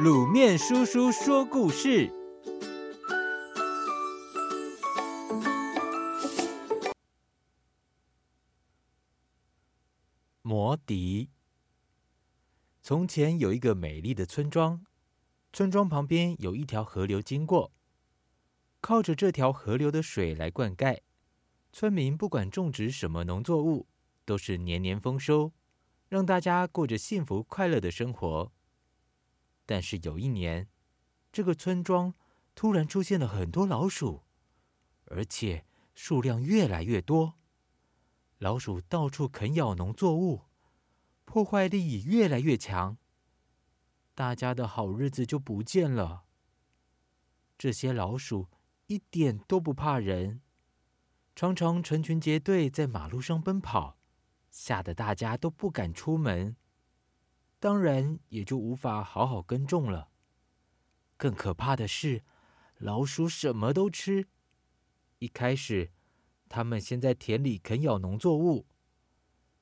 滷麵叔叔說故事：魔笛。從前有一個美麗的村莊，村莊旁邊有一條河流經過，靠着這條河流的水來灌溉。村民不管種植什麼農作物，都是年年豐收，讓大家過着幸福快樂的生活。但是有一年，這個村莊突然出現了很多老鼠，而且數量越來越多。老鼠到處啃咬農作物，破壞力也越來越強。大家的好日子就不見了。這些老鼠一點都不怕人，常常成群結隊在馬路上奔跑，嚇得大家都不敢出門。當然也就無法好好耕種了。更可怕的是，老鼠什麼都吃。一開始，他們先在田裡啃咬農作物，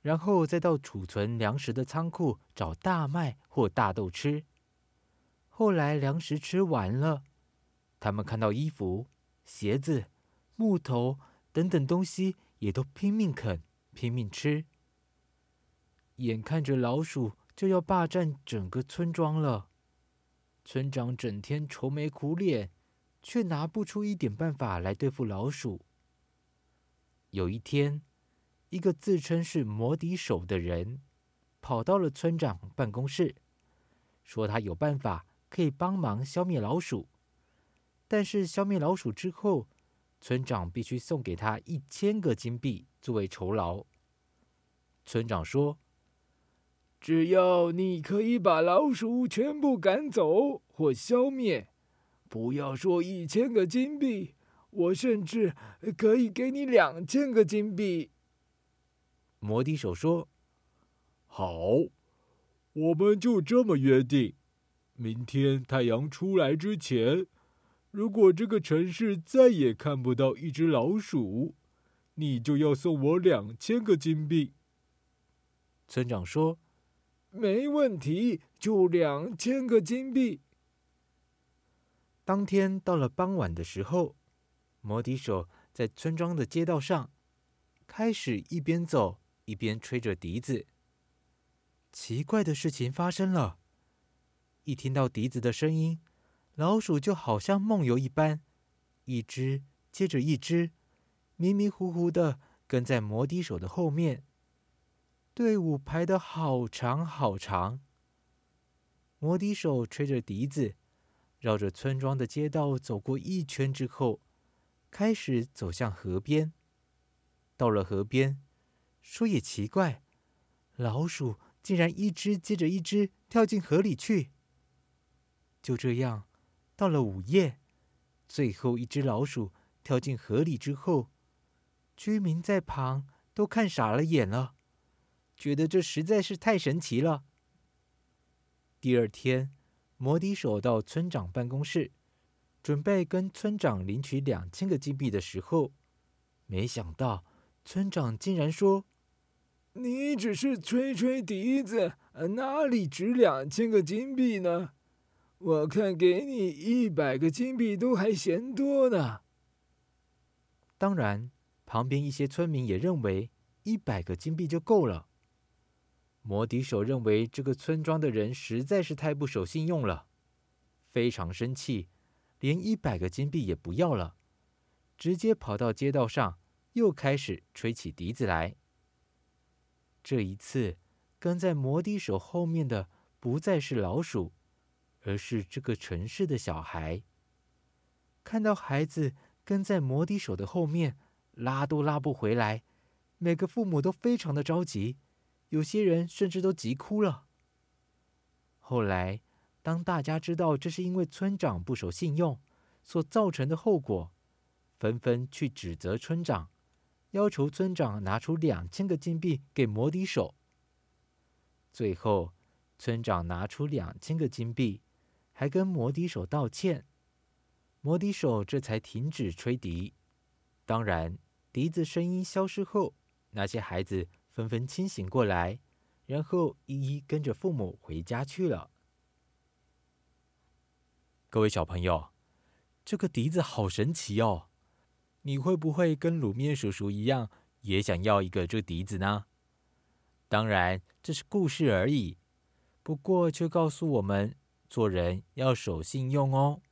然後再到儲存糧食的倉庫找大麥或大豆吃。後來糧食吃完了，他們看到衣服、鞋子、木頭等等東西，也都拼命啃、拼命吃。眼看着老鼠，.就要霸佔整個村莊了。村長整天愁眉苦臉，卻拿不出一點辦法來對付老鼠。有一天，一個自稱是魔笛手的人，跑到了村長辦公室，說他有辦法可以幫忙消滅老鼠，但是消滅老鼠之後，村長必須送給他一千個金幣作為酬勞。村長說。只要你可以把老鼠全部趕走或消滅，不要說一千個金幣，我甚至可以給你兩千個金幣。”魔笛手說，“好，我們就這麼約定。明天太陽出來之前，如果這個城市再也看不到一隻老鼠，你就要送我兩千個金幣。”村長說。沒問題，就兩千個金幣。當天到了傍晚的時候，魔笛手在村莊的街道上，開始一邊走，一邊吹着笛子。奇怪的事情發生了。一聽到笛子的聲音，老鼠就好像夢遊一般，一只接着一只，迷迷糊糊的跟在魔笛手的後面。隊伍排得好長好長，魔笛手吹着笛子，繞着村莊的街道走過一圈之後，開始走向河邊。到了河邊，說也奇怪，老鼠竟然一隻接着一隻跳進河裡去。就這樣，到了午夜，最後一隻老鼠跳進河裡之後，居民在旁都看傻了眼了。覺得這實在是太神奇了。第二天，魔笛手到村長辦公室，準備跟村長領取兩千個金幣的時候，沒想到村長竟然說：“你只是吹吹笛子，哪裡值兩千個金幣呢？我看給你一百個金幣都還嫌多呢。”當然，旁邊一些村民也認為一百個金幣就夠了。魔笛手認為這個村莊的人實在是太不守信用了，非常生氣，連一百個金幣也不要了，直接跑到街道上，又開始吹起笛子來。這一次，跟在魔笛手後面的不再是老鼠，而是這個城市的小孩。看到孩子跟在魔笛手的後面，拉都拉不回來，每個父母都非常的着急。有些人甚至都急哭了。後來，當大家知道這是因為村長不守信用所造成的後果，紛紛去指責村長，要求村長拿出兩千個金幣給魔笛手。最後，村長拿出兩千個金幣，還跟魔笛手道歉，魔笛手這才停止吹笛。當然，笛子聲音消失後，那些孩子，紛紛清醒過來，然後一一跟着父母回家去了。各位小朋友，這個笛子好神奇哦！你會不會跟滷麵叔叔一樣，也想要一個這個笛子呢？當然，這是故事而已，不過卻告訴我們做人要守信用哦。